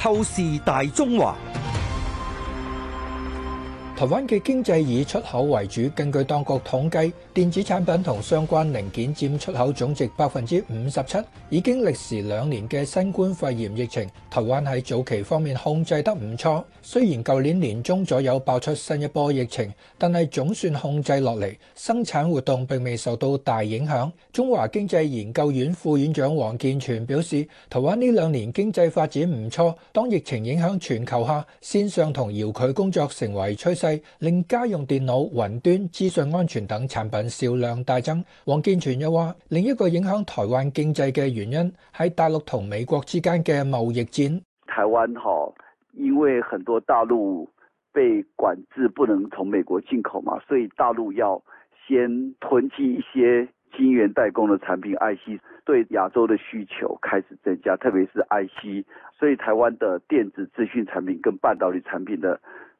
透視大中華。台灣嘅經濟以出口為主，根據當局統計，電子產品同相關零件占出口總值百分之五十七。已經歷時兩年嘅新冠肺炎疫情，台灣喺早期方面控制得唔錯。雖然舊年年中左右爆出新一波疫情，但係總算控制落嚟，生產活動並未受到大影響。中華經濟研究院副院長王建全表示，台灣呢兩年經濟發展唔錯，當疫情影響全球下，線上同遙距工作成為趨勢。令家用電腦、雲端資訊安全等產品銷量大增。王建全又話：另一個影響台灣經濟嘅原因係大陸同美國之間嘅貿易戰。台灣因為很多大陸被管制，不能從美國進口嘛，所以大陸要先囤積一些晶圓代工的產品 IC，對亞洲的需求開始增加，特別是 IC，所以台灣的電子資訊產品跟半導體產品的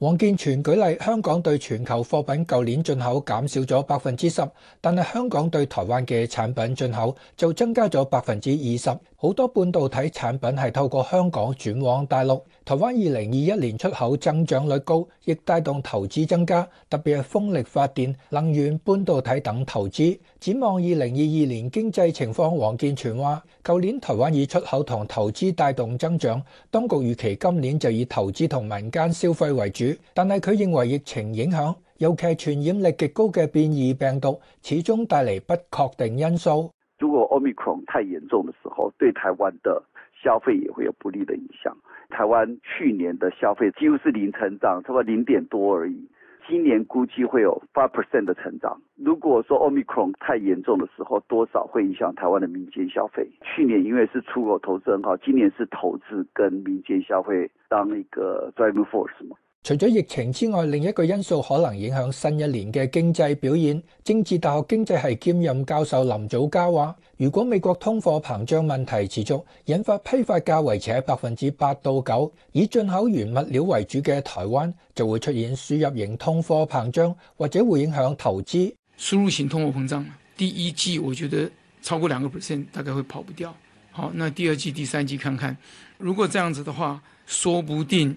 王健全舉例，香港對全球貨品舊年進口減少咗百分之十，但係香港對台灣嘅產品進口就增加咗百分之二十。好多半導體產品係透過香港轉往大陸。台灣二零二一年出口增長率高，亦帶動投資增加，特別係風力發電、能源、半導體等投資。展望二零二二年經濟情況，王健全話：舊年台灣以出口同投資帶動增長，當局預期今年就以投資同民間消費為主。但係佢認為疫情影響，尤其係傳染力極高嘅變異病毒，始終帶嚟不確定因素。如果 Omicron 太嚴重嘅時候，對台灣的消費也會有不利嘅影響。台灣去年的消費幾乎是零成長，差唔多零點多而已。今年估計會有 five percent 嘅成長。如果說 Omicron 太嚴重嘅時候，多少會影響台灣的民間消費。去年因為是出口投資很好，今年是投資跟民間消費當一個 driving force 嘛。.除咗疫情之外，另一個因素可能影響新一年嘅經濟表現。政治大學經濟系兼任教授林祖嘉話：如果美國通貨膨脹問題持續，引發批發價維持喺百分之八到九，以進口原物料為主嘅台灣就會出現輸入型通貨膨脹，或者會影響投資。輸入型通貨膨脹，第一季我覺得超過兩個 percent，大概會跑不掉。好，那第二季、第三季看看，如果這樣子的話，說不定。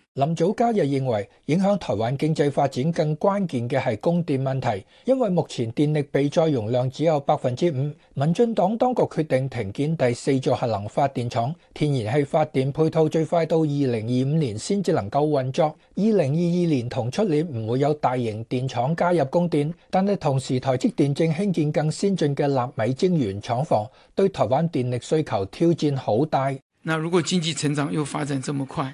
林祖嘉又認為，影響台灣經濟發展更關鍵嘅係供電問題，因為目前電力備載容量只有百分之五。民進黨當局決定停建第四座核能發電廠，天然氣發電配套最快到二零二五年先至能夠運作。二零二二年同出年唔會有大型電廠加入供電，但係同時台積電正興建更先進嘅納米晶圓廠房，對台灣電力需求挑戰好大。那如果經濟成長又發展這麼快？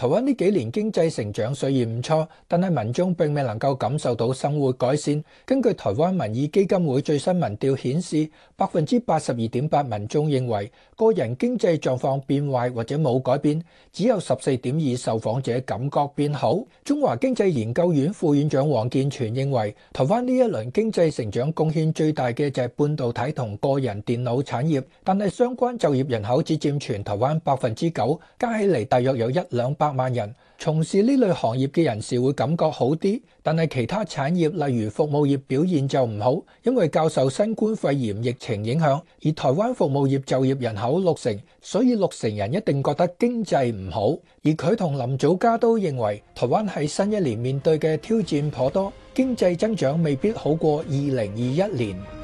台灣呢幾年經濟成長雖然唔錯，但係民眾並未能夠感受到生活改善。根據台灣民意基金會最新民調顯示，百分之八十二點八民眾認為個人經濟狀況變壞或者冇改變，只有十四點二受訪者感覺變好。中華經濟研究院副院長王健全認為，台灣呢一輪經濟成長貢獻最大嘅就係半導體同個人電腦產業，但係相關就業人口只占全台灣百分之九，加起嚟大約有一兩百。百萬人從事呢類行業嘅人士會感覺好啲，但係其他產業例如服務業表現就唔好，因為較受新冠肺炎疫情影響。而台灣服務業就業人口六成，所以六成人一定覺得經濟唔好。而佢同林祖嘉都認為，台灣喺新一年面對嘅挑戰頗多，經濟增長未必好過二零二一年。